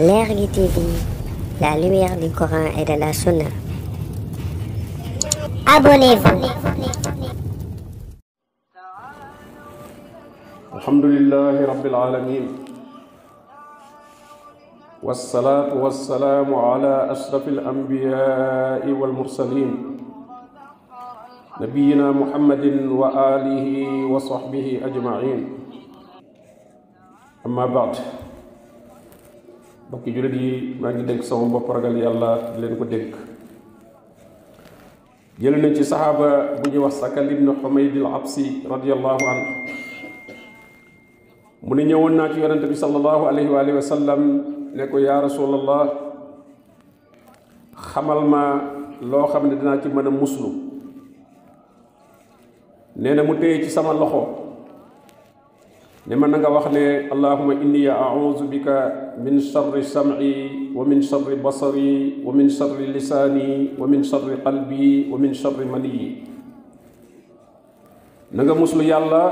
L'Ergue TV, la lumière du Coran et de la Sunna. Abonnez-vous. الحمد لله رب العالمين والصلاة والسلام على أشرف الأنبياء والمرسلين نبينا محمد وآله وصحبه أجمعين أما بعد bokki jullit yi maa ngi dénk sama bopp ragal yàlla di leen ko dénk jël nañ ci saxaaba bu ñuy wax Sakal ibn Xumayd al Absi radiyallahu anhu mu ne ñëwoon naa ci yonente bi sallallahu alayhi wa alihi wa ne ko yaa rasulallah xamal ma loo xam ne dinaa ci mën a muslu nee na mu téye ci sama loxo لما نغا واخني اللهم اني اعوذ بك من شر سمعي ومن شر بصري ومن شر لساني ومن شر قلبي ومن شر مني نغا مسلم يالا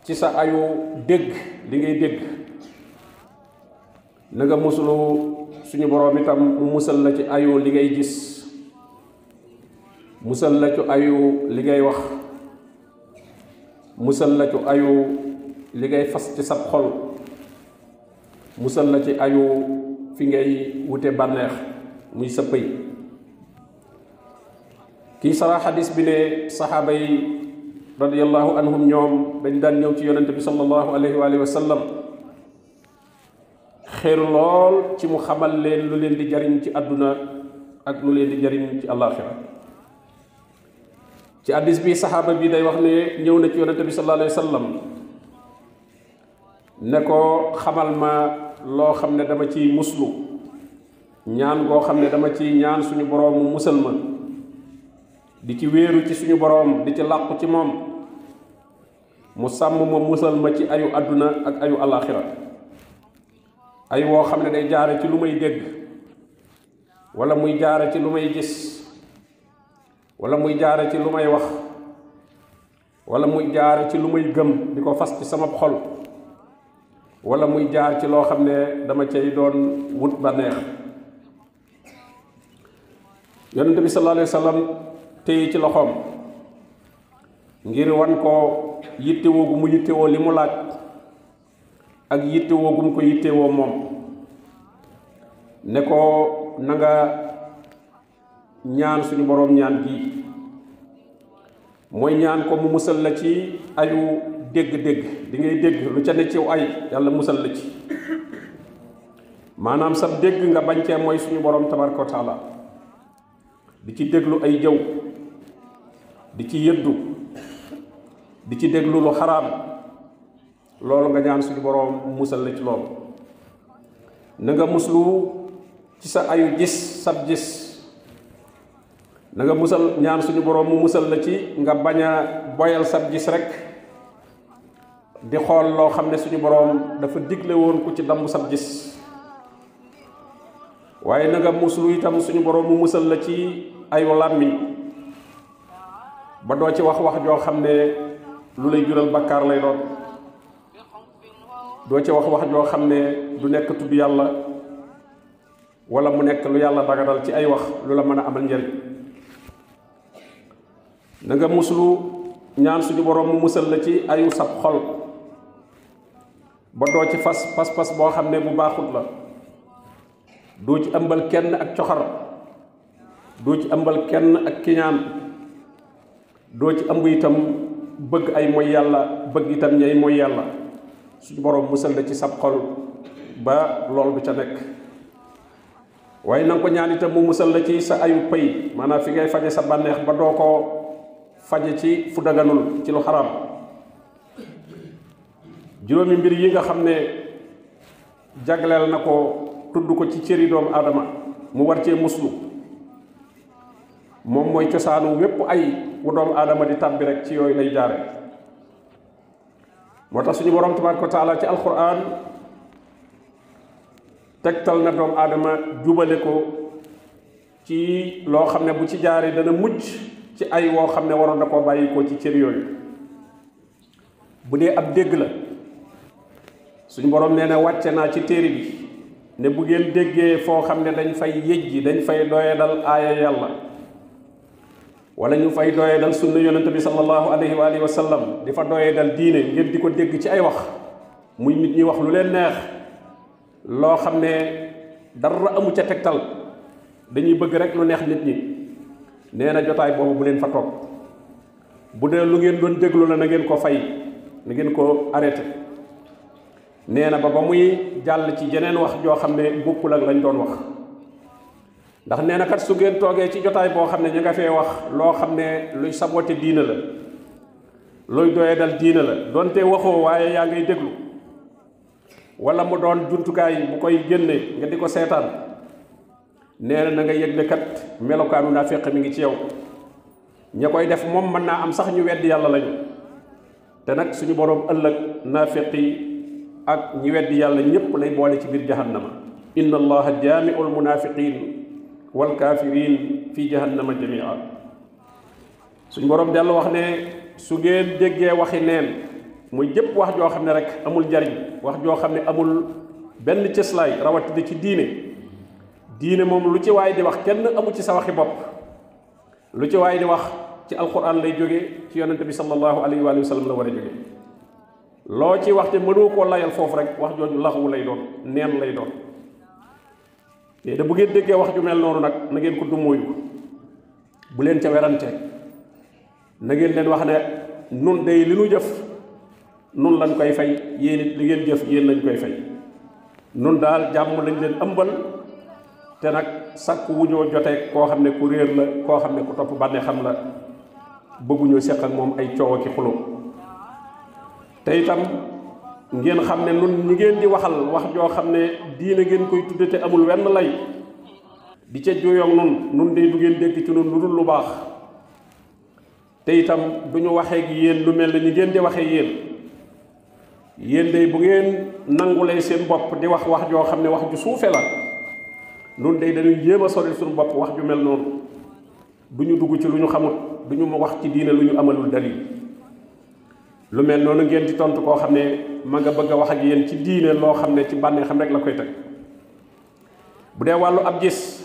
تي سا ايو دغ لي غي دغ نغا مسلو سوني بروم تام مسل لا تي ايو لي غي جيس مسل لا تي ايو لي غي واخ مسل لا تي ايو li ngay fas ci sab xol musal na ci ayu fi ngay wute banex muy sa pey ki sara hadith bi ne sahaba yi radiallahu anhum ñom dañ daan ñew ci yaronte bi sallallahu alayhi wa alihi sallam xéeru lool ci mu xamal leen lu leen di jariñ ci aduna ak lu leen di jariñ ci alakhirah ci hadis bi sahaba bi day wax ne ñew na ci yaronte bi sallallahu alayhi wa sallam ne ko xamal ma loo xam ne dama ciy muslu ñaan goo xam ne dama ciy ñaan suñu boroomu musal ma di ci wéeru ci suñu boroom di ci làqu ci moom mu sàmm ma musal ma ci ayu àdduna ak ayu alaxira ay woo xam ne day jaare ci lu may dégg wala muy jaare ci lu may gis wala muy jaare ci lu may wax wala muy jaare ci lu may gëm di ko fas ci sama xol wala muy jaar ci loo xam ne dama cay doon wut ba neex yonente bi sallallahu wa sallam téye ci loxoom ngir wan ko yittewoo gu mu yittewoo li mu laaj ak yittewoo gu mu ko yittewoo moom ne ko na nga ñaan suñu boroom ñaan gi mooy ñaan ko mu musal la ci ayu dégg-dégg di ngay dégg lu ca ne ciw ay yàlla musal la ci maanaam sab dégg nga bañ cee mooy suñu borom tabaraka taala di ci déglu ay jëw di ci yëddu di ci déglu lu xaraam loolu nga ñaan suñu borom musal la ci loolu na nga muslu ci sa ayu gis sab gis na nga musal ñaan suñu borom mu musal la ci nga bañ boyal sab gis rek di xool loo xam ne suñu borom dafa digle woon ku ci damm sab gis waaye na nga muslu itam suñu borom mu musal la ci ayu làmmiñ ba doo ci wax wax joo xam ne lu lay jural bakkaar lay doon doo ci wax wax joo xam ne du nekk tudd yàlla wala mu nekk lu yàlla ci ay wax lu la mën amal njëriñ na nga ñaan suñu borom mu musal la ci ayu sab xol ba doo ci fas fas fas boo xam ne bu baaxut la doo ci ëmbal kenn ak coxar doo ci ëmbal kenn ak kiñaan doo ci ëmb itam bëgg ay mooy yàlla bëgg itam ñay mooy yàlla suñu borom musal la ci sab xol ba lool du ca nekk waaye na ko ñaan itam mu musal la ci sa ayu pay maanaam fi ngay faje sa bànneex ba doo ko faje ci fu daganul ci lu xaraam juróomi mbir yi nga xam ne jagleel na ko tudd ko ci cëri doomu aadama mu war cee muslu moom mooy cosaanu wépp ay wu doomu aadama di tàbbi rek ci yooyu lay jaare moo tax suñu borom tabaaraka ko taala ci alquran tegtal na doomu aadama jubale ko ci loo xam ne bu ci jaaree dana mujj ci ay woo xam ne waroon na koo bàyyi ko ci cër yooyu bu dee ab dégg la suñu borom nee na wàcce naa ci téere bi ne bu ngeen déggee foo xam ne dañ fay yëjji dañ fay doyadal aaya yàlla wala ñu fay doyadal sunna yonent bi sallallahu alayhi wa alihi wa di fa doyadal diine ngeen di ko dégg ci ay wax muy nit ñi wax lu leen neex loo xam ne dara amu ca tegtal dañuy bëgg rek lu neex nit ñi nee jotaay boobu bu leen fa toog bu dee lu ngeen doon déglu la na ngeen ko fay na ngeen ko arrêté nee na ba ba muy jàll ci jeneen wax joo xam ne bokkul ak lañ doon wax ndax nee na kat su ngeen toogee ci jotaay boo xam ne ñu nga fee wax loo xam ne luy sabote diina la luy doye dal diina la donte waxoo waaye yaa ngay déglu wala mu doon jumtukaay bu koy génne nga di ko seetaan nee na na nga yëg ne kat melokaanu naafeq mi ngi ci yow ña koy def moom mën naa am sax ñu wedd yàlla lañu te nag suñu boroom ëllëg naafeq yi ak ñi weddi yàlla ñépp lay boole ci biir jahannama inna allaha jaamiu almunafiqin walkaafirin fi jahannama jamia suñ boroom dellu wax ne su ngeen déggee waxi neen muy jëpp wax joo xam ne rek amul jariñ wax joo xam ne amul benn cëslaay rawatina ci diine diine moom lu ci waay di wax kenn amu ci sa waxi bopp lu ci waay di wax ci alquran lay jóge ci yonente bi sallallahu alayhi wa sallam la war a jóge loo ci wax te mënoo koo layal foofu rek wax jooju laxwu lay doon neen lay doon te da bu ngeen déggee wax ju mel noonu nag na ngeen ko dumóoyu bu leen ca werante na ngeen leen wax ne nun day li nu jëf nun lañ koy fay yéen li ngeen jëf yéen lañ koy fay nun daal jàmm lañ leen ëmbal te nag sàkk wu ñoo jotee koo xam ne ku réer la koo xam ne ku topp xam la bëgguñu seq ak moom ay coow ak xuloo te itam ngeen xam nun ñi ngeen di waxal wax joo xam ne diine ngeen koy tudde te amul wenn lay di ca juyoog nun nun day du ngeen ci nun lu dul lu baax te itam du ñu ak yéen lu mel ne ni ngeen di waxee yéen yéen day bu ngeen nangulee seen bopp di wax wax joo xam ne wax ju suufe la nun day dañu jéem a sori suñu bopp wax ju mel noonu du ñu dugg ci lu ñu xamut du ñu wax ci diine lu amalul dalil lu mel nonu ngeen di tontu ko xamne ma nga bëgg wax ak yeen ci diine lo xamne ci banne xam rek la koy tek bu dee walu ab gis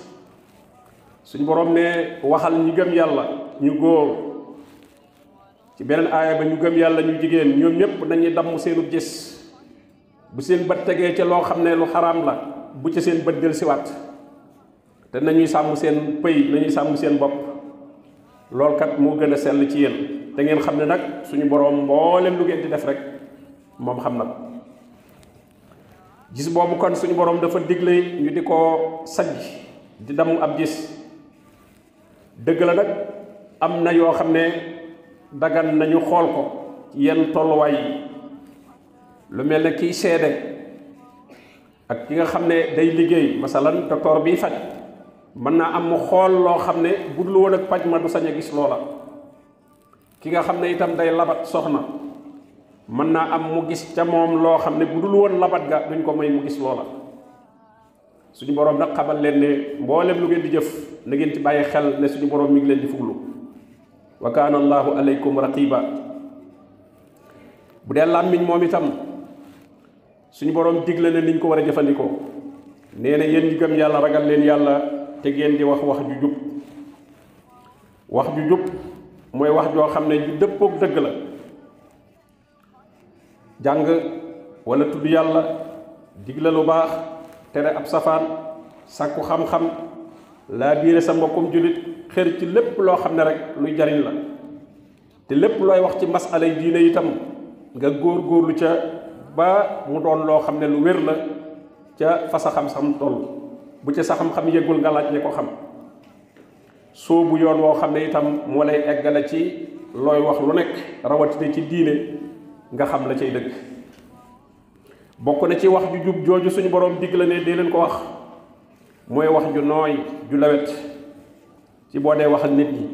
suñu borom ne waxal ñu gëm yalla ñu goor ci benen aya ba ñu gëm yalla ñu jigéen ñoom ñépp nañuy damm seenu gis bu seen bat tege ci lo xamne lu haram la bu ci seen bat del wat te nañuy sam seen pey nañuy sam seen bop loolu kat mo gëna sel ci yeen Tengen ngeen xam ne nag suñu borom mboolem lu ngeen di def rek moom xam na gis boobu kon suñu borom dafa digle ñu di ko sajj di dam ab gis dëgg la nag am na yoo xam ne dagan nañu xool ko yenn tolluwaay yi lu mel ne kiy seede ak ki nga xam ne day liggéey masalan docteur bii faj mën naa am mu xool loo xam ne budul woon ak paj ma du sañ gis loola ki nga xamne itam day labat soxna man na am mu gis ca mom lo xamne budul won labat ga duñ ko may mu gis lola suñu borom nak xabal len ne mbolem lu ngeen di jëf na ngeen ci baye xel ne suñu borom mi ngi len di fuglu wa kana allah alaykum raqiba bu dee làmmiñ mom itam suñu borom digle na niñ ko wara jëfandiko neena yeen ñi gëm yalla ragal len yalla te ngeen di wax wax ju jup wax ju jup moy wax jo xamne ne ju dëppoog dëgg la jang wala tuddu yalla digle lu bax tere ab safan sakku xam-xam la biire sa mbokum julit xer ci lepp lo xamne rek lu jariñ la te lepp loy wax ci masalay diine itam nga gor lu ca ba mu don lo xamne ne lu wér la ca fa sa xam-xam toll bu ca sa xam-xam yegul nga laaj ne ko xam soobu yoon woo xam ne itam moo lay eggale ci looy wax lu nekk rawatina ci diine nga xam la cay dëkk bokk na ci wax ju jub jooju suñu boroom digg la ne dee leen ko wax mooy wax ju nooy ju lawet ci boo dee waxal nit ñi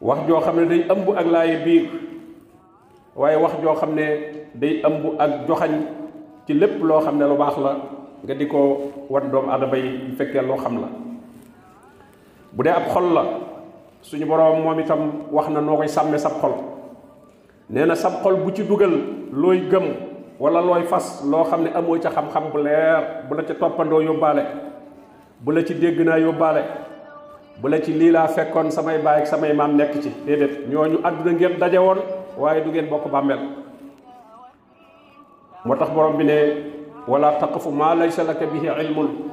wax joo xam ne day ëmb ak laaye biir waaye wax joo xam ne day ëmb ak joxañ ci lépp loo xam ne lu baax la nga di ko wan doomu aadama yi fekkee loo xam la bu dee ab xol la suñu borom moom itam wax na noo koy sàmme sab xol nee na sab xol bu ci dugal looy gëm wala looy fas loo xam ne amoo ca xam-xam bu leer bu la ca toppandoo yóbbaale bu la ci dégg naa yóbbaale bu la ci lii laa fekkoon samay baay ak samay maam nekk ci déedéet ñooñu àdduna ngeen daje woon waaye du ngeen bokk bàmmeel moo tax borom bi ne wala taqfu maa laysa laka bihi ilmun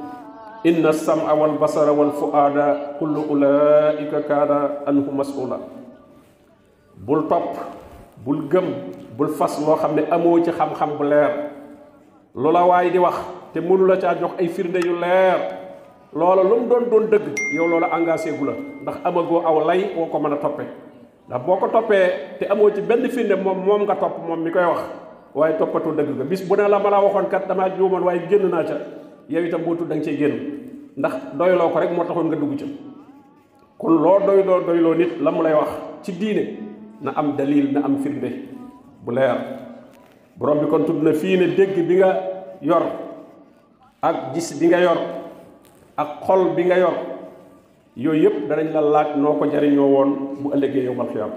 inna sam'a wal basara wal fu'ada kullu ulaika kana anhu mas'ula bul top bul gem bul fas lo xamne amo ci xam xam bu leer lula way di wax te munu la ca jox ay firnde yu leer lola lum don don deug yow lola engagé gula ndax amago aw lay woo ko toppe ndax te amo ci benn firnde mom mom nga top mom mi koy wax waye topatu deug ga bis bu ne la mala waxon kat dama waye genn na ca yow itam boo tudd da nga cee génn ndax doyloo ko rek moo taxoon nga dugg ci kon loo doy loo doyloo nit la mu lay wax ci diine na am dalil na am firnde bu leer borom bi kon tudd na fii ne dégg bi nga yor ak gis bi nga yor ak xol bi nga yor yooyu yëpp danañ la laaj noo ko jariñoo woon bu ëllëgee yow mal xiyam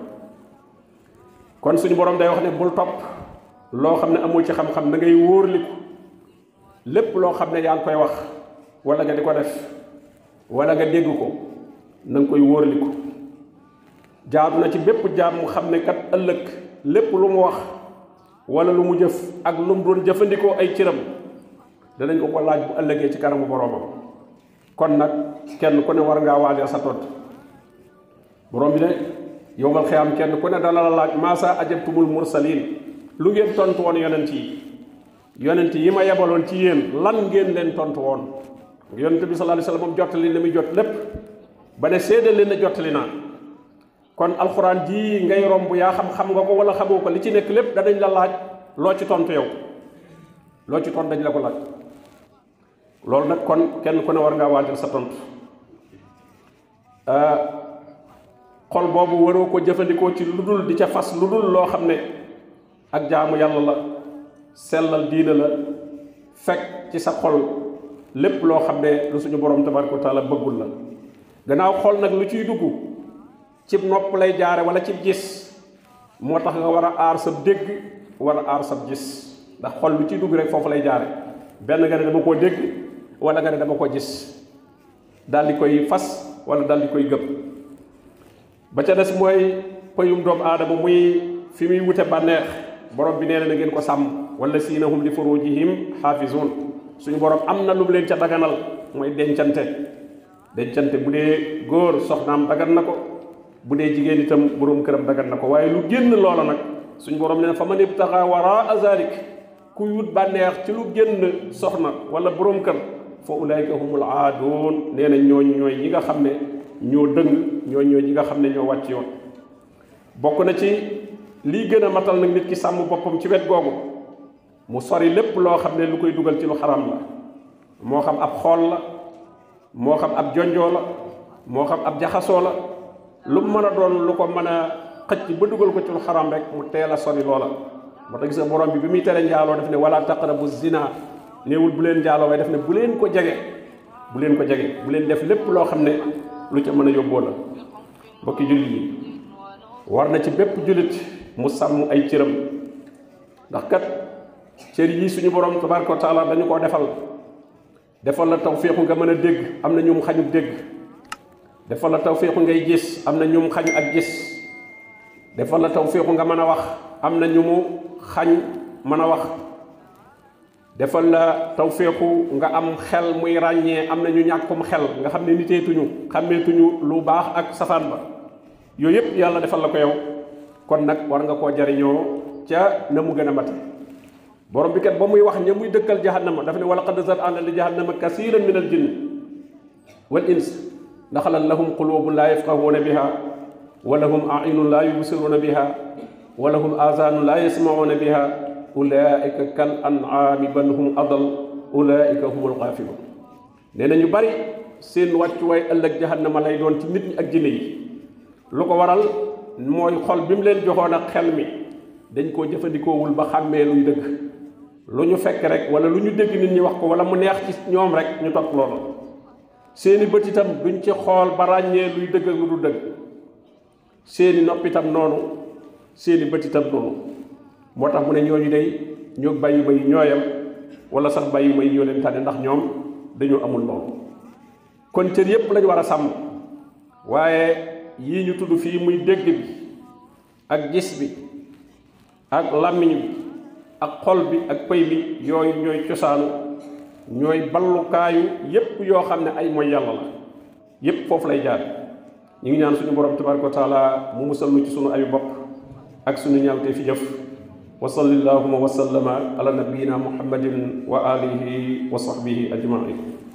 kon suñu borom day wax ne bul topp loo xam ne amoo ci xam-xam da ngay wóorliku lépp loo xam ne yaa ngi koy wax wala nga di ko def walla nga dégg ko na nga koy wóorliku jaadu na ci bépp jaam mu xam ne kat ëllëg lépp lu mu wax wala lu mu jëf ak lu mu doon jëfandikoo ay cëram danañ ko ko laaj bu ëllëgee ci kanamu boroomam kon nag kenn ku ne war ngaa waajal sa todd borom bi ne yowmal xiyaam kenn ku ne dana la laaj maasaa ajabtumul mursaliin lu ngeen tontu woon yonent yi yonent yi ma yebaloon ci yéen lan ngéen leen tontu woon yonent bi sallallahu alayhi wa sallam moom jottali li muy jot lépp ba ne séedal leen ne jottali naa kon alxuraan ji ngay romb yaa xam xam nga ko wala xamoo ko li ci nekk lépp danañ la laaj loo ci tontu yow loo ci tontu dañ la ko laaj loolu nag kon kenn ku ne war nga waajal sa tontu euh, xol boobu waroo ko jëfandikoo ci lu dul di ca fas lu dul loo xam ne ak jaamu yàlla la. Selal diina la fek ci sa xol lepp lo xamne lu suñu borom tabaraku taala beggul la gannaaw xol nak lu ciy duggu ci nopp lay jaare wala ci gis motax nga wara ar sa dégg wara ar sa gis ndax xol lu ciy dugg rek fofu lay jaare ben nga ne dama ko dégg wala nga ne dama ko gis dal di koy fas wala dal di koy gëm ba ca dess moy pëyum doom adam muy fi muy wute borom bi neena ngeen ko sam wala siina hum li furujihim xaafizuun suñu borom am na lu mu leen ca daganal mooy dencante dencante bu dee góor soxnaam dagan na ko bu dee jigéen itam borom këram dagan na ko waaye lu génn loola nag suñu borom leen fa man ibtaxa waraa zalik kuy wut bànneex ci lu génn soxna wala borom kër fa ulaayka humul aadoon nee na ñooñ ñooy yi nga xam ne ñoo dëng ñooñ ñooy yi nga xam ne ñoo wàcc yoon bokk na ci lii gën a matal nag nit ki sàmm boppam ci wet googu mu sori lépp loo xam ne lu koy dugal ci lu xaram la moo xam ab xool la moo xam ab jonjoo la moo xam ab jaxasoo la lu mu mën a doon lu ko mën a xëcc ba dugal ko ci lu xaram rek mu teel a sori loola moo tax gis nga borom bi bi muy tere njaaloo def ne wala taqrabu zina néewul bu leen njaaloo waaye def ne bu leen ko jege bu leen ko jege bu leen def lépp loo xam ne lu ca mën a yóbboo la mbokki jullit yi war na ci bépp jullit mu sàmm ay cëram ndax kat cër yi suñu borom tabaraka taala dañu ko defal defal la tawfiq nga mëna dégg am na ñum xañu dégg defal la tawfiq ngay gis am na ñum xañu ak gis defal la tawfiq nga mëna wah, wax am na xañ mëna wax defal la tawfiq nga am xel muy ragné am na ñu ñakum xel nga nité tuñu xamé tuñu lu baax ak safan ba yoyep yalla defal la ko yow kon nak war nga ko jariño ca namu gëna maté borom bi kat ba muy wax ne muy dëkkal jahannama daf ne wala qad zar'ana li jahannama kaseeran min al jinn wal ins daxalan lahum qulubun la yafqahuna biha wa lahum a'yunun la yubsiruna biha wa lahum azanun la yasma'una biha ulaika kal an'ami bal hum adal ulaika humul ghafilun neena ñu bari seen waccu way ëlëk jahannama lay doon ci nit ñi ak jinne yi lu ko waral mooy xol bi mu leen joxoon ak xel mi dañ koo jëfandikoowul ba xàmmee luy dëgg lu ñu fekk rek wala lu ñu dégg nit ñi wax ko wala mu neex ci ñoom rek ñu topp loolu seeni bët itam duñ ci xool ba ràññee luy dëgg ak lu du dëgg seeni nopp itam noonu seeni bët itam noonu moo tax mu ne ñooñu day ñoo bàyyi bay ñooyam wala sax bàyyi bay ñoo leen tànne ndax ñoom dañoo amul loolu kon cër yépp lañ war a sàmm waaye yii ñu tudd fii muy dégg bi ak gis bi ak làmmiñ bi ak xol bi ak pay bi yooyu ñooy cosaanu ñooy ballukaayu yépp yoo xam ne ay mooy yàlla la yépp foofu lay jaar ñu ngi ñaan suñu borom tabaraka wa taala mu musallu ci suñu ayu bopp ak suñu ñaawtee fi jëf wa sallallahu wa sallama ala nabiyina muhammadin wa alihi wa sahbihi ajmain